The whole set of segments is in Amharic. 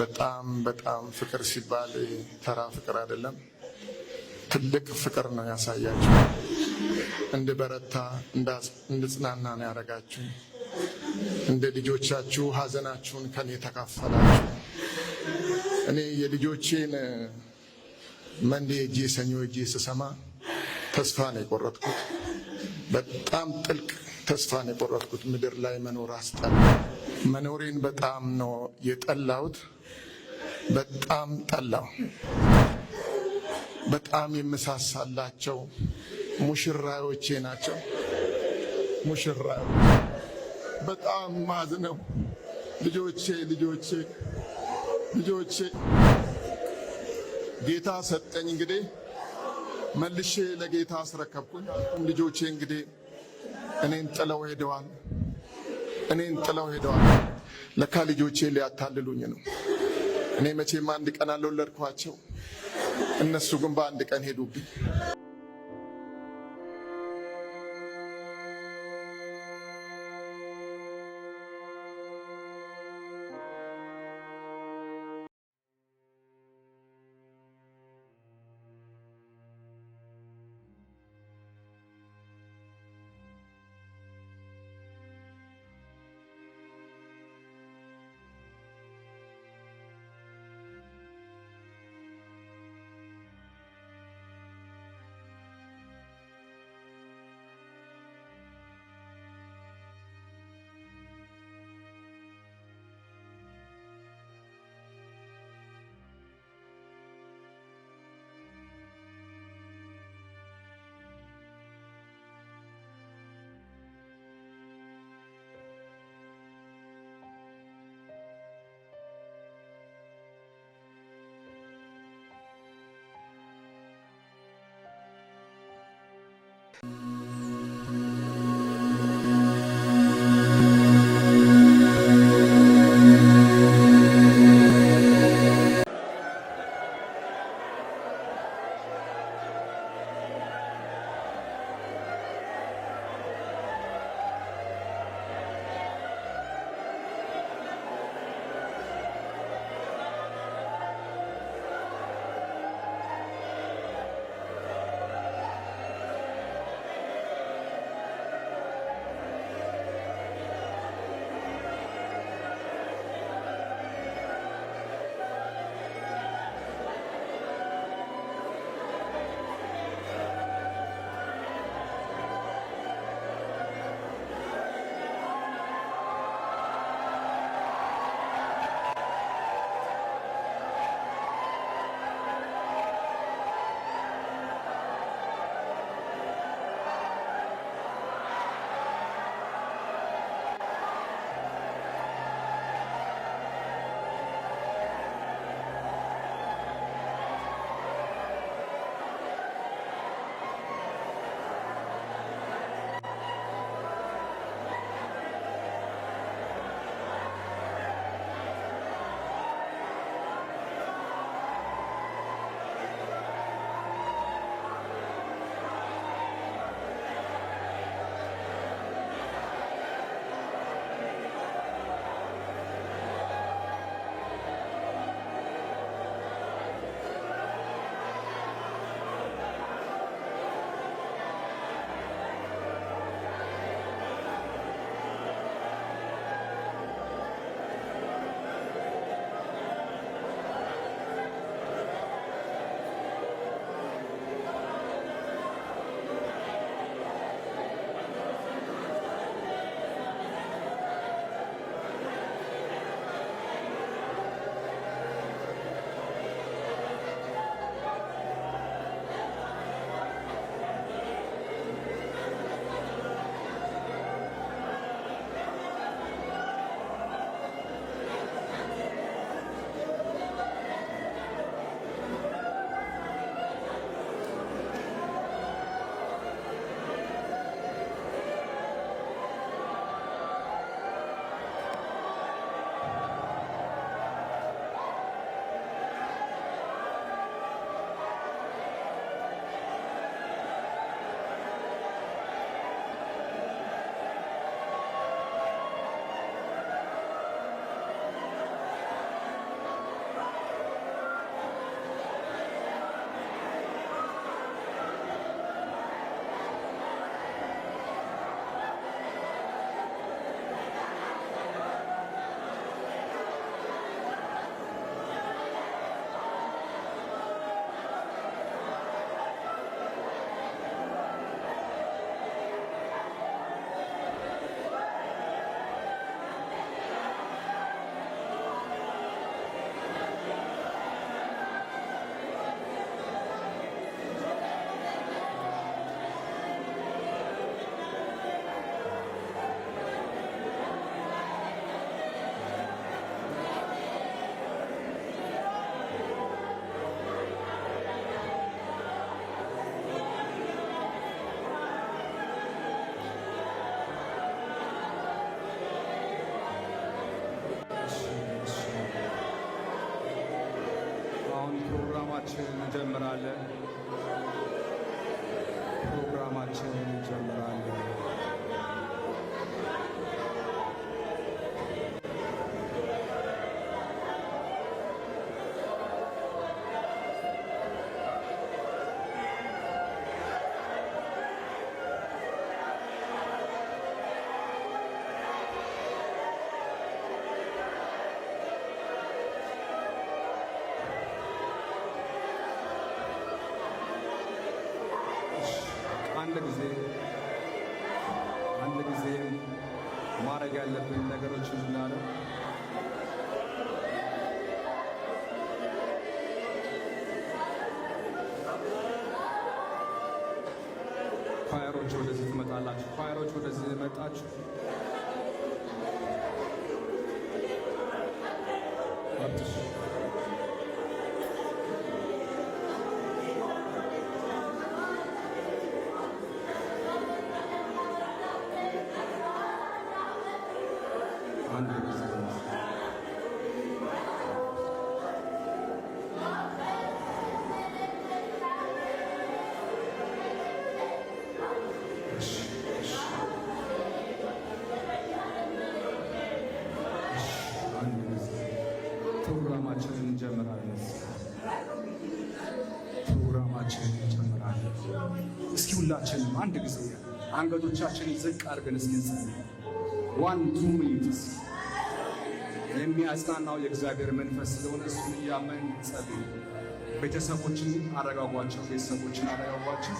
በጣም በጣም ፍቅር ሲባል ተራ ፍቅር አይደለም፣ ትልቅ ፍቅር ነው ያሳያችሁ። እንድበረታ እንድጽናና ነው ያደረጋችሁ። እንደ ልጆቻችሁ ሀዘናችሁን ከኔ ተካፈላችሁ። እኔ የልጆቼን መንዴ እጄ ሰኞ እጄ ስሰማ ተስፋ ነው የቆረጥኩት። በጣም ጥልቅ ተስፋ ነው የቆረጥኩት። ምድር ላይ መኖር አስጠላ። መኖሬን በጣም ነው የጠላሁት። በጣም ጠላው። በጣም የምሳሳላቸው ሙሽራዮቼ ናቸው። ሙሽራ በጣም ማዝነው ልጆቼ ልጆቼ ልጆቼ ጌታ ሰጠኝ እንግዲህ መልሼ ለጌታ አስረከብኩኝ። ልጆቼ እንግዲህ እኔን ጥለው ሄደዋል፣ እኔን ጥለው ሄደዋል። ለካ ልጆቼ ሊያታልሉኝ ነው። እኔ መቼም አንድ ቀን አልወለድኳቸው፣ እነሱ ግን በአንድ ቀን ሄዱብኝ። እንጀምራለን። ቲሞች ወደዚህ ትመጣላችሁ። ኳይሮች ወደዚህ መጣችሁ። መብትሽ እጆቻችንን ዝቅ አድርገን እስኪ ዋን ቱ ሚኒትስ የሚያጽናናው የእግዚአብሔር መንፈስ ስለሆነ እሱን እያመን ጸል ቤተሰቦችን አረጋጓቸው፣ ቤተሰቦችን አረጋጓቸው።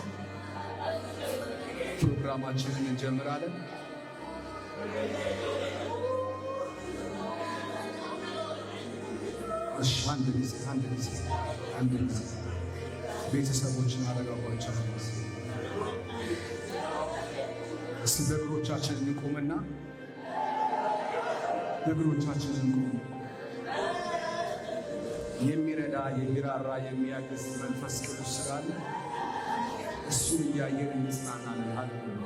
ፕሮግራማችንን እንጀምራለን። እሺ፣ አንድ ጊዜ አንድ ጊዜ አንድ ጊዜ ቤተሰቦችን አረጋጓቸው። እስቲ በእግሮቻችን እንቆምና በእግሮቻችን እንቆም። የሚረዳ የሚራራ የሚያግዝ መንፈስ ቅዱስ ስላለ እሱን እያየን እንጽናናለን።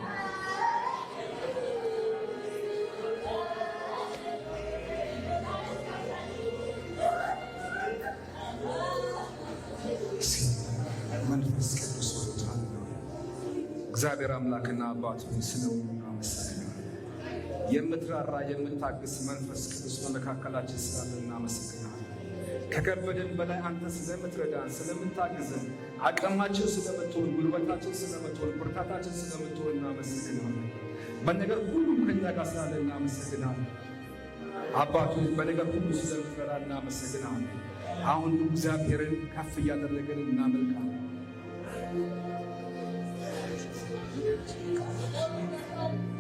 እግዚአብሔር አምላክና አባት ስለው እናመሰግናለን። የምትራራ የምታግስ መንፈስ ቅዱስ በመካከላችን ስላለ እናመሰግናለን። ከከበደን በላይ አንተ ስለምትረዳን ስለምታግዘን፣ አቅማችን ስለምትሆን፣ ጉልበታችን ስለምትሆን፣ ብርታታችን ስለምትሆን እናመሰግናለን። በነገር ሁሉም ከኛ ጋር ስላለ እናመሰግናለን። አባቱ በነገር ሁሉ ስለምትረዳ እናመሰግናለን። አሁን እግዚአብሔርን ከፍ እያደረገን እናመልካለን። Thank you.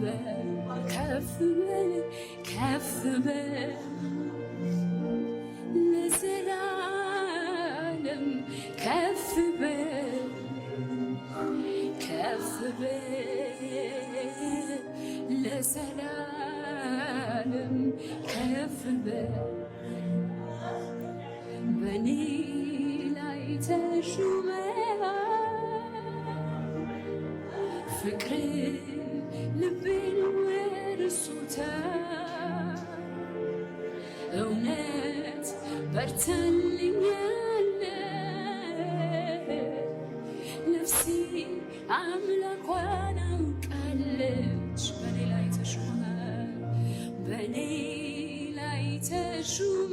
በል ከፍ በል ከፍ በል ለዘላለም ከፍ በል ከፍ በል ለዘላለም ከፍ በል ፍቅር ልቤን ወርሶታል። እውነት በርተልኛል ነፍሴ አምላኳን አውቃለች። በኔ ላይ ተሹመ በኔ ላይ ተሾመ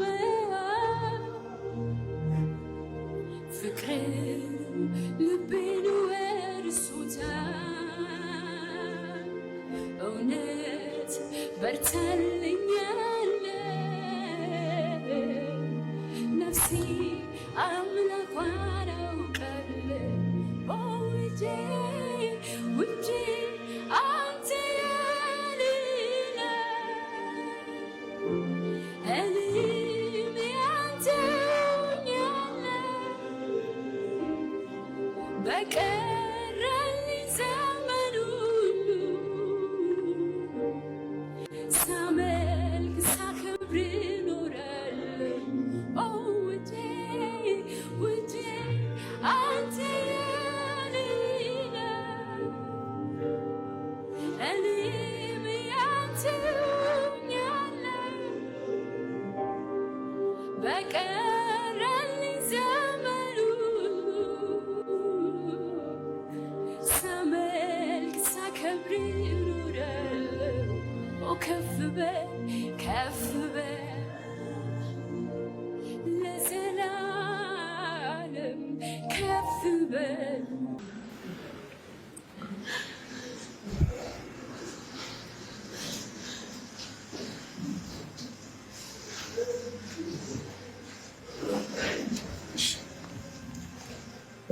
sun.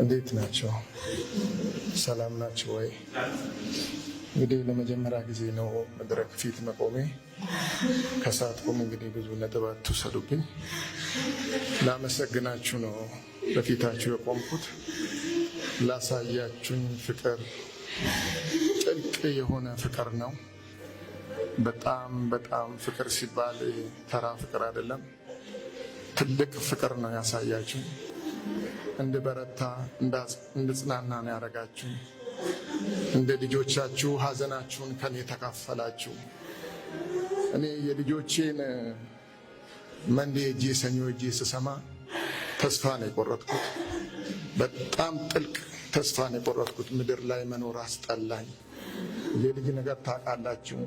እንዴት ናቸው? ሰላም ናቸው ወይ? እንግዲህ ለመጀመሪያ ጊዜ ነው መድረክ ፊት መቆሜ። ቁም እንግዲህ ብዙ ነጥብ አትውሰዱብኝ። ላመሰግናችሁ ነው በፊታችሁ የቆምኩት። ላሳያችሁኝ ፍቅር ጥልቅ የሆነ ፍቅር ነው። በጣም በጣም ፍቅር ሲባል ተራ ፍቅር አይደለም፣ ትልቅ ፍቅር ነው ያሳያችሁኝ። እንድበረታ እንድጽናና ነው ያደረጋችሁ። እንደ ልጆቻችሁ ሀዘናችሁን ከኔ ተካፈላችሁ። እኔ የልጆቼን መንዴ እጄ ሰኞ እጄ ስሰማ ተስፋ ነው የቆረጥኩት። በጣም ጥልቅ ተስፋ ነው የቆረጥኩት። ምድር ላይ መኖር አስጠላኝ። የልጅ ነገር ታውቃላችሁ።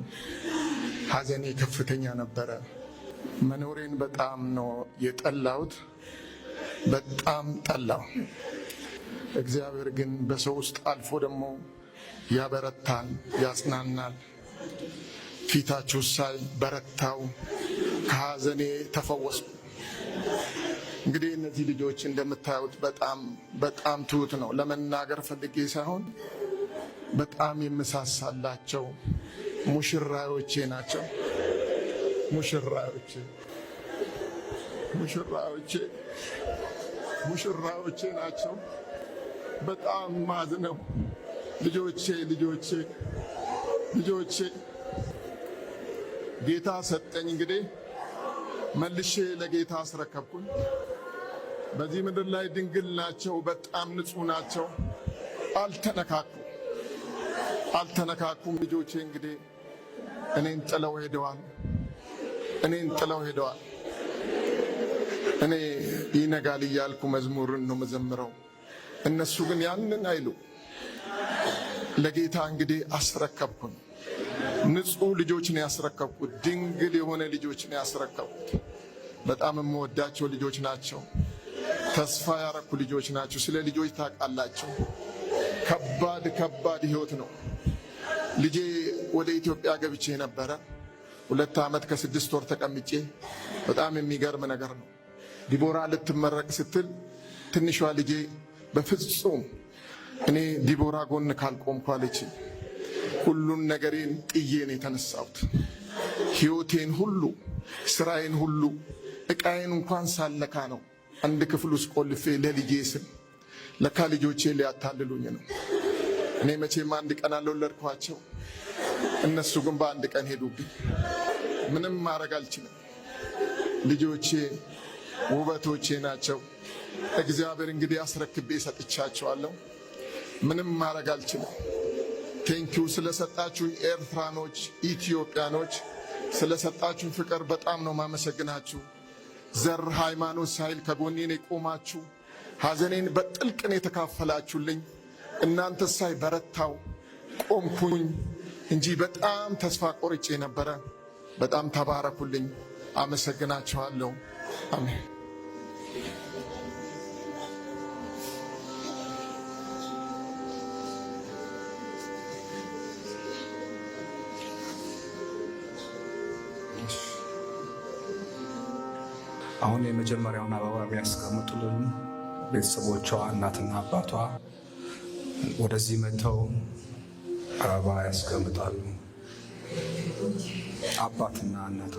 ሀዘኔ ከፍተኛ ነበረ። መኖሬን በጣም ነው የጠላሁት። በጣም ጠላው። እግዚአብሔር ግን በሰው ውስጥ አልፎ ደግሞ ያበረታል፣ ያጽናናል። ፊታችሁ ሳይ በረታው፣ ከሐዘኔ ተፈወስኩ። እንግዲህ እነዚህ ልጆች እንደምታዩት በጣም በጣም ትሁት ነው። ለመናገር ፈልጌ ሳይሆን በጣም የምሳሳላቸው ሙሽራዮቼ ናቸው። ሙሽራዮቼ ሙሽራዮቼ ሙሽራዎቼ ናቸው። በጣም ማዝነው ልጆቼ ልጆቼ ልጆቼ ጌታ ሰጠኝ። እንግዲህ መልሼ ለጌታ አስረከብኩኝ። በዚህ ምድር ላይ ድንግል ናቸው። በጣም ንጹህ ናቸው። አልተነካኩም አልተነካኩም። ልጆቼ እንግዲህ እኔን ጥለው ሄደዋል። እኔን ጥለው ሄደዋል። እኔ ይነጋል እያልኩ መዝሙርን ነው መዘምረው። እነሱ ግን ያንን አይሉ። ለጌታ እንግዲህ አስረከብኩን። ንጹህ ልጆች ነው ያስረከብኩት። ድንግል የሆነ ልጆች ነው ያስረከብኩት። በጣም የምወዳቸው ልጆች ናቸው። ተስፋ ያረኩ ልጆች ናቸው። ስለ ልጆች ታውቃላቸው። ከባድ ከባድ ህይወት ነው። ልጄ ወደ ኢትዮጵያ ገብቼ ነበረ። ሁለት ዓመት ከስድስት ወር ተቀምጬ በጣም የሚገርም ነገር ነው። ዲቦራ ልትመረቅ ስትል ትንሿ ልጄ በፍጹም እኔ ዲቦራ ጎን ካልቆምኩ አለች። ሁሉን ነገሬን ጥዬን የተነሳሁት ህይወቴን ሁሉ ስራዬን ሁሉ እቃዬን እንኳን ሳለካ ነው አንድ ክፍል ውስጥ ቆልፌ ለልጄ ስም ለካ ልጆቼ ሊያታልሉኝ ነው። እኔ መቼም አንድ ቀን አልወለድኳቸው፣ እነሱ ግን በአንድ ቀን ሄዱብኝ። ምንም ማድረግ አልችልም ልጆቼ ውበቶቼ ናቸው። እግዚአብሔር እንግዲህ አስረክቤ ሰጥቻቸዋለሁ። ምንም ማድረግ አልችልም። ቴንኪው ስለሰጣችሁ ኤርትራኖች፣ ኢትዮጵያኖች ስለሰጣችሁ ፍቅር በጣም ነው ማመሰግናችሁ። ዘር፣ ሃይማኖት ሳይል ከጎኔን የቆማችሁ ሐዘኔን በጥልቅን የተካፈላችሁልኝ እናንተ ሳይ በረታው ቆምኩኝ እንጂ በጣም ተስፋ ቆርጬ ነበረ። በጣም ተባረኩልኝ። አመሰግናችኋለሁ። አሜን። አሁን የመጀመሪያውን አበባ የሚያስቀምጡልን ቤተሰቦቿ እናትና አባቷ ወደዚህ መጥተው አበባ ያስቀምጣሉ። አባትና እናቷ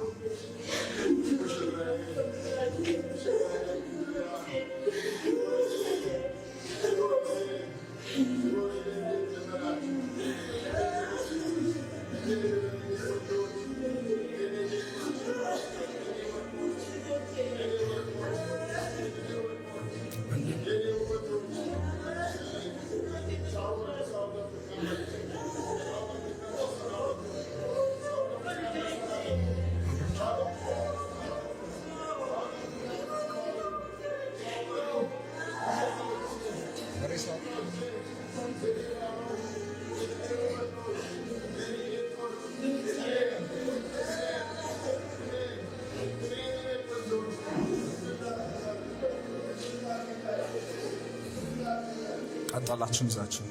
ቃላችሁን ይዛችሁ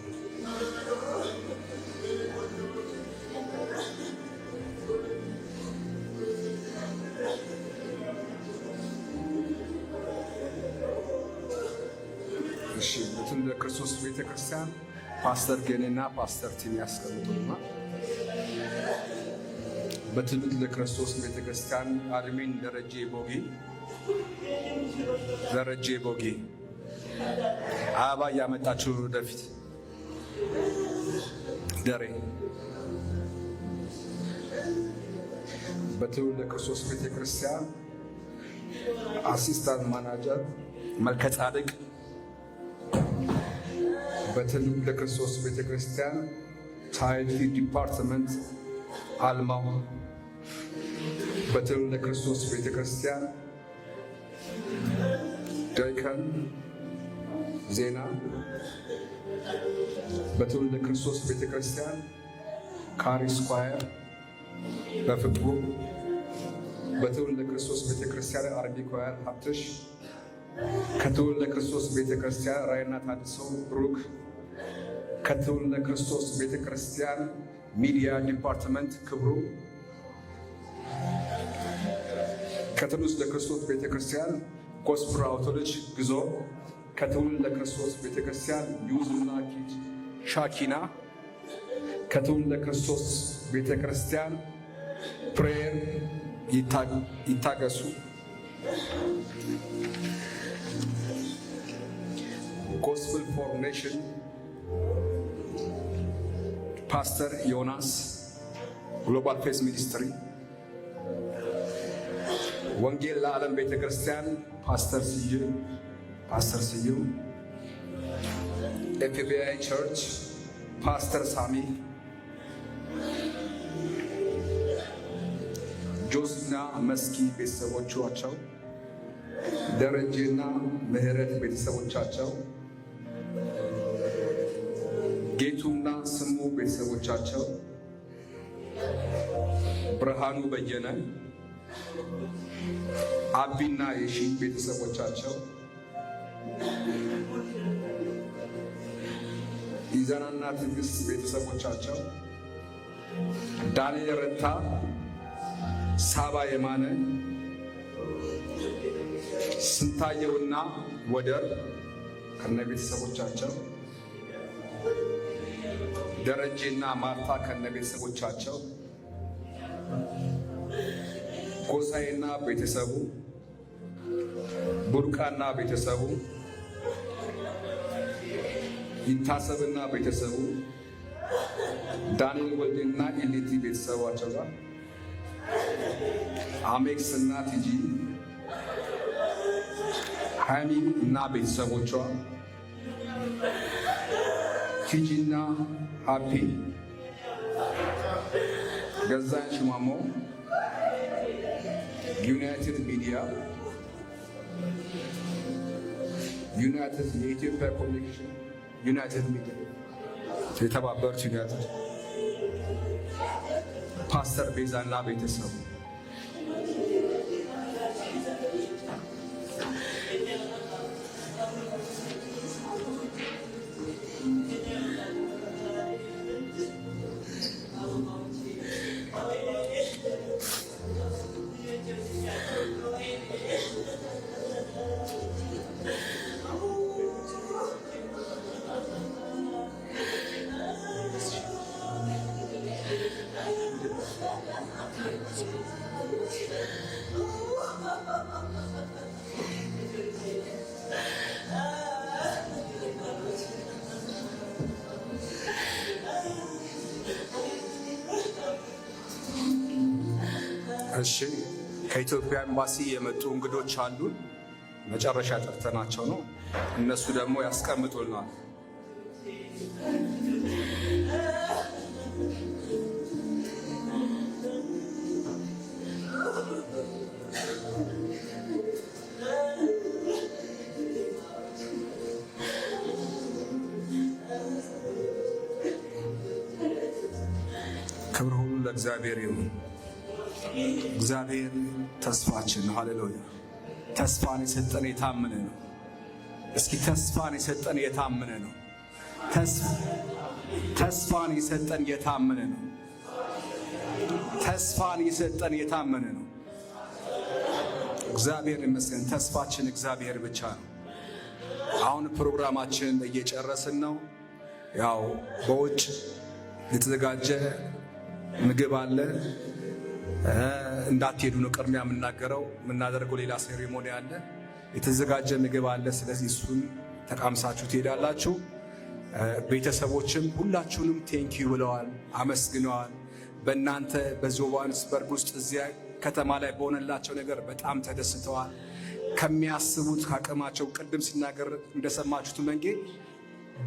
እሺ እንትን ለክርስቶስ ቤተክርስቲያን ፓስተር ገኔና ፓስተር ቲም ያስቀምጡና በትልቅ ለክርስቶስ ቤተክርስቲያን አድሜን ደረጀ ቦጌ ደረጀ ቦጌ አበባ እያመጣችሁ ወደፊት ደሬ በትውልደ ክርስቶስ ቤተ ክርስቲያን አሲስታንት ማናጀር መልከ ጻድቅ በትውልደ ክርስቶስ ቤተ ክርስቲያን ቻይልድ ዲፓርትመንት አልማው በትውልደ ክርስቶስ ቤተ ክርስቲያን ደይከን ዜና በትውልደ ክርስቶስ ቤተ ክርስቲያን ካሪ ስኳየር በፍቅሩ በትውልደ ክርስቶስ ቤተ ክርስቲያን አርቢ ኳየር ሀብትሽ ከትውልደ ክርስቶስ ቤተ ክርስቲያን ራይና ታድሰው ብሩክ ከትውልደ ክርስቶስ ቤተ ክርስቲያን ሚዲያ ዲፓርትመንት ክብሩ ከትውልደ ክርስቶስ ቤተ ክርስቲያን አውቶሎጅ ግዞ ከትውልድ ለክርስቶስ ቤተክርስቲያን ዩዝና ኪድ ሻኪና ከትውልድ ለክርስቶስ ቤተክርስቲያን ፕሬየር ይታገሱ። ጎስፕል ፎር ኔሽን ፓስተር ዮናስ ግሎባል ፌስ ሚኒስትሪ ወንጌል ለዓለም ቤተክርስቲያን ፓስተር ስዬ ፓስተር ስዩም፣ ኤፒቢአይ ቸርች ፓስተር ሳሚ ጆስና መስኪ ቤተሰቦቻቸው፣ ደረጀና ምህረት ቤተሰቦቻቸው፣ ጌቱና ስሙ ቤተሰቦቻቸው፣ ብርሃኑ በየነ አቢና የሺ ቤተሰቦቻቸው ኢዘናና ትዕግስት ቤተሰቦቻቸው፣ ዳንኤል ረታ፣ ሳባ የማነ፣ ስንታየውና ወደር ከነ ቤተሰቦቻቸው፣ ደረጄና ማርታ ከነ ቤተሰቦቻቸው፣ ጎሳዬና ቤተሰቡ፣ ቡርቃና ቤተሰቡ ይታሰብና ቤተሰቡ ዳንኤል ወልዴና ኢሊቲ ቤተሰባቸው ጋር አሜክስ እና ቲጂ ሃሚ እና ቤተሰቦቿ ቲጂና ሀፒ ገዛኝ ሽማሞ ዩናይትድ ሚዲያ ዩናይትድ የኢትዮጵያ ኮሚኒኬሽን ዩናይትድ ሚዲያ የተባበሩት ዩናይትድ ፓስተር ቤዛና ቤተሰቡ እሺ ከኢትዮጵያ ኤምባሲ የመጡ እንግዶች አሉ። መጨረሻ ጠርተናቸው ነው። እነሱ ደግሞ ያስቀምጡልናል። ክብር ሁሉ ለእግዚአብሔር ይሁን። እግዚአብሔር ተስፋችን ነው። ሃሌሉያ! ተስፋን የሰጠን የታመነ ነው። እስኪ ተስፋን የሰጠን የታመነ ነው። ተስፋን የሰጠን የታመነ ነው። ተስፋን የሰጠን የታመነ ነው። እግዚአብሔር ይመስገን። ተስፋችን እግዚአብሔር ብቻ ነው። አሁን ፕሮግራማችንን እየጨረስን ነው። ያው በውጭ የተዘጋጀ ምግብ አለ። እንዳትሄዱ ነው ቅድሚያ የምናገረው። የምናደርገው ሌላ ሴሪሞኒ አለ፣ የተዘጋጀ ምግብ አለ። ስለዚህ እሱን ተቃምሳችሁ ትሄዳላችሁ። ቤተሰቦችም ሁላችሁንም ቴንኪዩ ብለዋል፣ አመስግነዋል። በእናንተ በጆሃንስበርግ ውስጥ እዚያ ከተማ ላይ በሆነላቸው ነገር በጣም ተደስተዋል። ከሚያስቡት አቅማቸው ቅድም ሲናገር እንደሰማችሁት መንጌ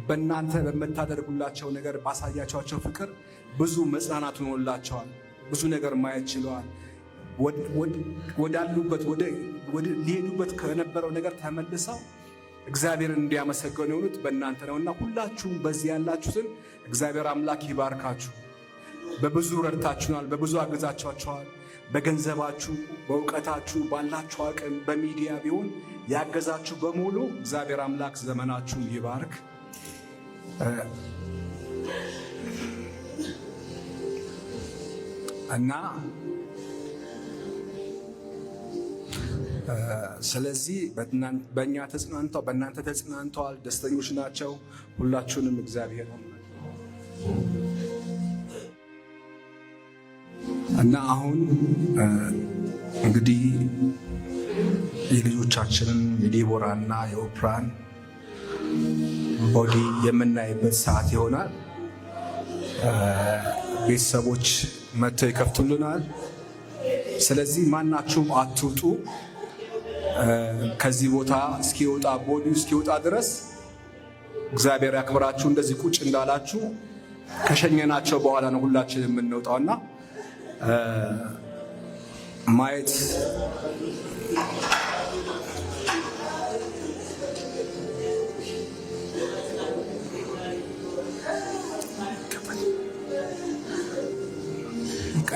በእናንተ በምታደርጉላቸው ነገር ባሳያቸዋቸው ፍቅር ብዙ መጽናናት ሆኖላቸዋል። ብዙ ነገር ማየት ችለዋል። ወዳሉበት ሊሄዱበት ከነበረው ነገር ተመልሰው እግዚአብሔርን እንዲያመሰገኑ የሆኑት በእናንተ ነውና ሁላችሁም በዚህ ያላችሁትን እግዚአብሔር አምላክ ይባርካችሁ። በብዙ ረድታችኋል፣ በብዙ አግዛችኋቸዋል። በገንዘባችሁ፣ በእውቀታችሁ፣ ባላችሁ አቅም በሚዲያ ቢሆን ያገዛችሁ በሙሉ እግዚአብሔር አምላክ ዘመናችሁን ይባርክ። እና ስለዚህ በእኛ ተጽናንተው በእናንተ ተጽናንተዋል፣ ደስተኞች ናቸው። ሁላችሁንም እግዚአብሔር እና አሁን እንግዲህ የልጆቻችንን እና የኦፕራን ቦዲ የምናይበት ሰዓት ይሆናል። ቤተሰቦች መጥተው ይከፍቱልናል። ስለዚህ ማናችሁም አትውጡ። ከዚህ ቦታ እስኪወጣ ቦዲው እስኪወጣ ድረስ እግዚአብሔር ያክብራችሁ። እንደዚህ ቁጭ እንዳላችሁ ከሸኘናቸው በኋላ ነው ሁላችን የምንወጣውና ማየት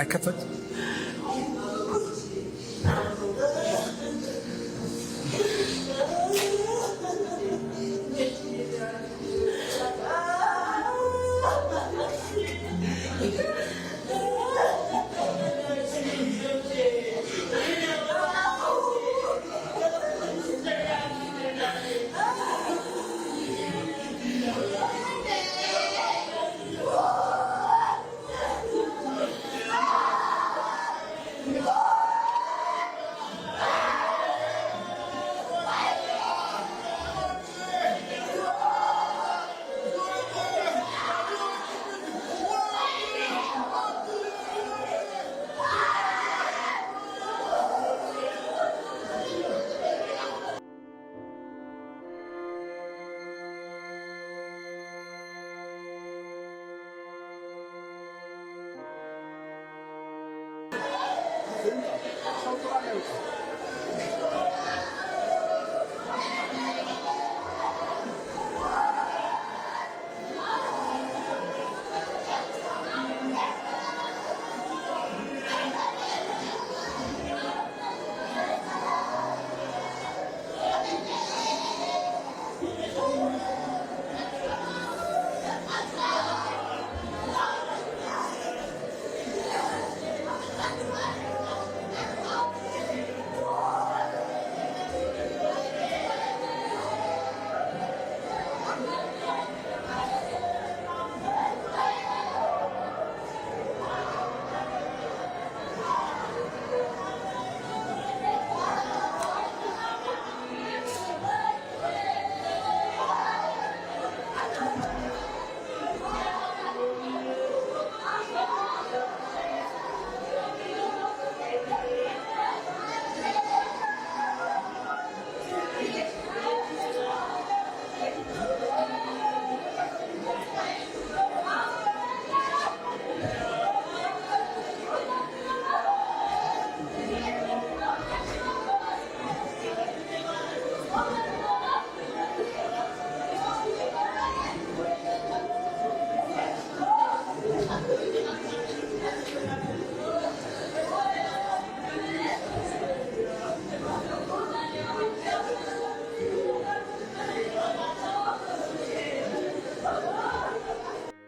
አይከፈት 全部、ちゃんとあるやんか。